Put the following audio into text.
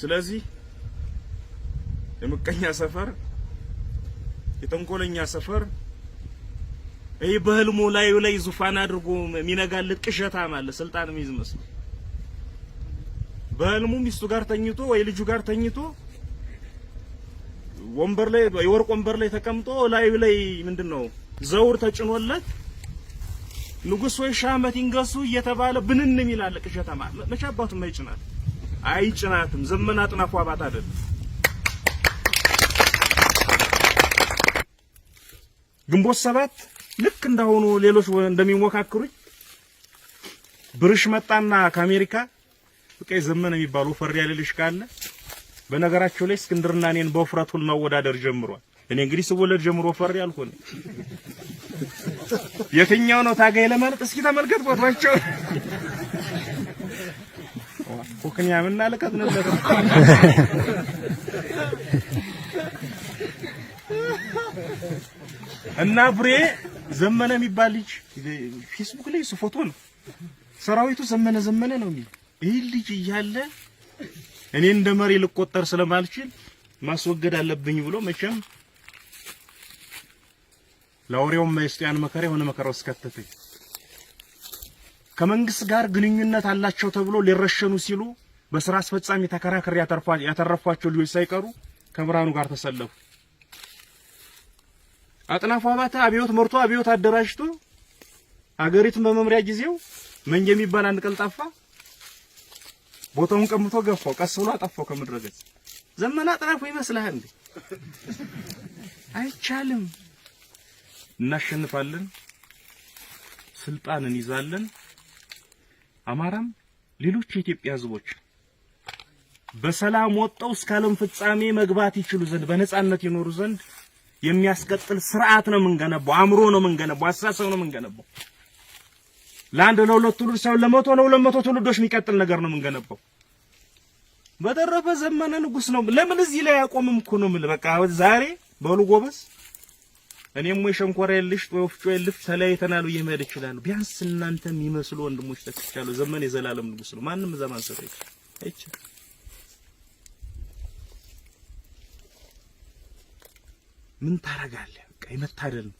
ስለዚህ የምቀኛ ሰፈር፣ የተንኮለኛ ሰፈር ይህ በህልሙ ላዩ ላይ ዙፋን አድርጎ የሚነጋልጥ ቅዠታም አለ። ስልጣን የሚይዝ መስሎ በህልሙ ሚስቱ ጋር ተኝቶ ወይ ልጁ ጋር ተኝቶ ወንበር ላይ የወርቅ ወንበር ላይ ተቀምጦ ላዩ ላይ ምንድን ነው ዘውር ተጭኖለት ንጉሥ ወይ ሻመት ይንገሱ እየተባለ ብንንም ይላል ቅዠታም አለ። መቼ አባቱ ማይጭናል አይጭናትም። ዘመን አጥናፉ አባት አይደለም። ግንቦት ሰባት ልክ እንዳሁኑ ሌሎች እንደሚሞካክሩኝ ብርሽ መጣና ከአሜሪካ በቃ ዘመን የሚባል ወፈር ያለ ልጅ ካለ በነገራቸው ላይ እስክንድርና እኔን በውፍረቱን ማወዳደር ጀምሯል። እኔ እንግዲህ ስወለድ ጀምሮ ወፈር ያልኩኝ የትኛው ነው ታጋይ ለማለት እስኪ ተመልከት ቦታቸው ኩክኛ ምን አለቀት ነበር። እና ብሬ ዘመነ የሚባል ልጅ ፌስቡክ ላይ ፎቶ ነው ሰራዊቱ ዘመነ ዘመነ ነው የሚል ይህ ልጅ እያለ እኔ እንደ መሪ ልቆጠር ስለማልችል ማስወገድ አለብኝ ብሎ መቼም ለአውሬውም ያን መከራ የሆነ መከራ ውስጥ ከተተኝ። ከመንግስት ጋር ግንኙነት አላቸው ተብሎ ሊረሸኑ ሲሉ በስራ አስፈጻሚ ተከራክሬ ያተረፏቸው ልጆች ሳይቀሩ ከብርሃኑ ጋር ተሰለፉ። አጥናፉ አባተ አብዮት መርቶ አብዮት አደራጅቶ አገሪቱን በመምሪያ ጊዜው መንጀ የሚባል አንድ ቀልጣፋ ቦታውን ቀምቶ ገፋው፣ ቀስ ብሎ አጠፋው ከምድረ ገጽ። ዘመነ አጥናፉ ይመስልሃል እንዴ? አይቻልም። እናሸንፋለን፣ ስልጣን እንይዛለን። አማራም፣ ሌሎች የኢትዮጵያ ህዝቦች በሰላም ወጥተው እስከ ዓለም ፍጻሜ መግባት ይችሉ ዘንድ በነጻነት ይኖሩ ዘንድ የሚያስቀጥል ስርዓት ነው የምንገነባው። አእምሮ ነው የምንገነባው። አስተሳሰብ ነው የምንገነባው። ለአንድ ለሁለት ትውልድ ሳይሆን ለመቶ ነው ሁለት መቶ ትውልዶች የሚቀጥል ነገር ነው የምንገነባው። በተረፈ ዘመነ ንጉስ ነው። ለምን እዚህ ላይ ያቆምም እኮ ነው የምልህ። በቃ ዛሬ በሉ ጎበዝ እኔም ወይ ሸንኮራ የልሽ ወይ ወፍጮ የልሽ ተለያይተናል ብዬ መሄድ እችላለሁ። ቢያንስ እናንተ የሚመስሉ ወንድሞች ተክቻለሁ። ዘመን የዘላለም ንጉስ ነው። ማንም እዛ ማንሰት አይች ምን ታረጋለህ? በቃ የመታደል ነው።